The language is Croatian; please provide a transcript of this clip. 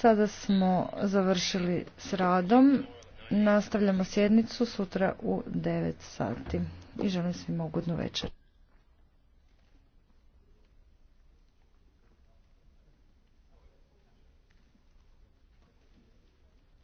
Sada smo završili s radom. Nastavljamo sjednicu sutra u 9 sati i želim svima ugodnu večer.